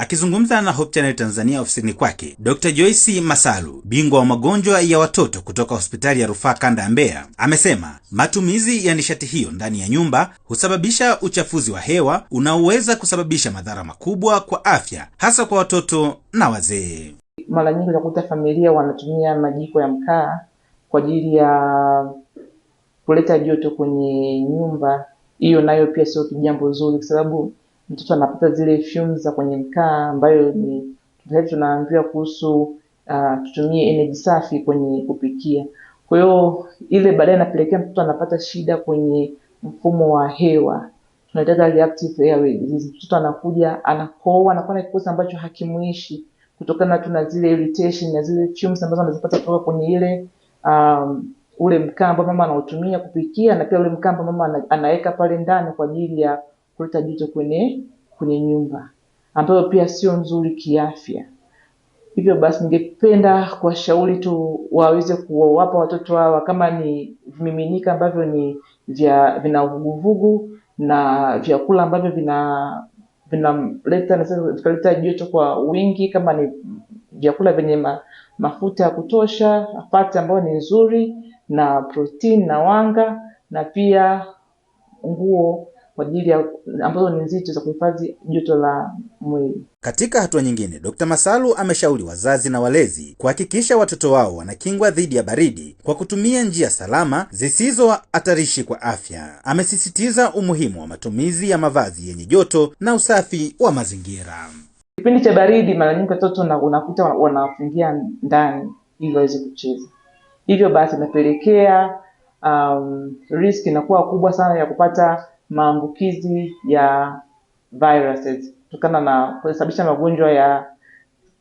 Akizungumza na Hope Channel Tanzania ofisini kwake, Dr. Joyce Masalu, bingwa wa magonjwa ya watoto kutoka hospitali ya rufaa kanda ya Mbeya, amesema matumizi ya nishati hiyo ndani ya nyumba husababisha uchafuzi wa hewa unaoweza kusababisha madhara makubwa kwa afya, hasa kwa watoto na wazee. Mara nyingi unakuta familia wanatumia majiko ya mkaa kwa ajili ya kuleta joto kwenye nyumba, hiyo nayo pia sio jambo zuri, kwa sababu mtoto anapata zile fumes za kwenye mkaa ambayo ni mm. tayari tunaambiwa kuhusu uh, tutumie energy safi kwenye kupikia. Kwa hiyo ile baadaye inapelekea mtoto anapata shida kwenye mfumo wa hewa, tunaitaga reactive airways. Mtoto anakuja anakoa, anakuwa na kikosi ambacho hakimuishi kutokana tu na zile irritation na zile fumes ambazo anazipata kutoka kwenye ile um, ule mkaa ambao mama anautumia kupikia na pia ule mkaa ambao mama anaweka pale ndani kwa ajili ya kuleta joto kwenye kwenye nyumba ambayo pia sio nzuri kiafya. Hivyo basi, ningependa kuwashauri tu waweze kuwapa watoto hawa kama ni vimiminika ambavyo ni vya vina uvuguvugu na vyakula ambavyo vina vinaleta vikaleta joto kwa wingi, kama ni vyakula vyenye ma, mafuta ya kutosha, fati ambayo ni nzuri na protini na wanga, na pia nguo kwa ajili ya ambazo ni nzito za kuhifadhi joto la mwili. Katika hatua nyingine, Dr. Masalu ameshauri wazazi na walezi kuhakikisha watoto wao wanakingwa dhidi ya baridi kwa kutumia njia salama zisizo hatarishi kwa afya. Amesisitiza umuhimu wa matumizi ya mavazi yenye joto na usafi wa mazingira. Kipindi cha baridi, mara nyingi watoto unakuta wanafungia ndani ili waweze kucheza, hivyo basi inapelekea um, riski inakuwa kubwa sana ya kupata maambukizi ya viruses kutokana na kusababisha magonjwa ya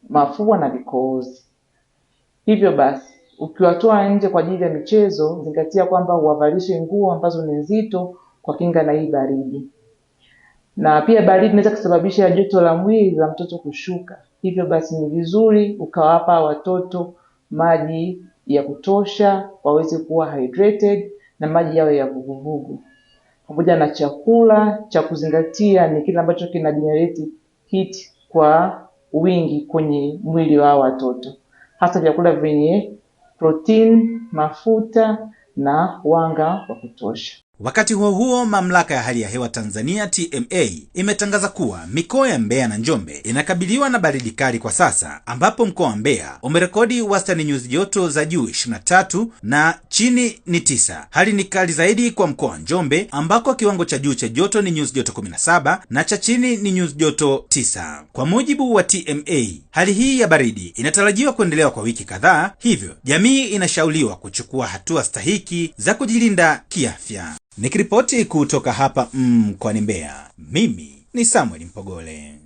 mafua na vikohozi. Hivyo basi, ukiwatoa nje kwa ajili ya michezo, zingatia kwamba uwavalishe nguo ambazo ni nzito kwa kinga na hii baridi. Na pia baridi inaweza kusababisha joto la mwili la mtoto kushuka. Hivyo basi, ni vizuri ukawapa watoto maji ya kutosha waweze kuwa hydrated na maji yao ya vuguvugu pamoja na chakula. Cha kuzingatia ni kile ambacho kina generate heat kwa wingi kwenye mwili wa watoto, hasa vyakula vyenye protein, mafuta na wanga wa kutosha. Wakati huo huo, mamlaka ya hali ya hewa Tanzania TMA imetangaza kuwa mikoa ya Mbeya na Njombe inakabiliwa na baridi kali kwa sasa, ambapo mkoa wa Mbeya umerekodi wastani nyuzi joto za juu 23 na chini ni tisa. Hali ni kali zaidi kwa mkoa wa Njombe ambako kiwango cha juu cha joto ni nyuzi joto 17 na cha chini ni nyuzi joto 9. Kwa mujibu wa TMA, hali hii ya baridi inatarajiwa kuendelewa kwa wiki kadhaa, hivyo jamii inashauriwa kuchukua hatua stahiki za kujilinda kiafya. Nikiripoti kutoka hapa mkoani mm, Mbeya, mimi ni Samuel Mpogole.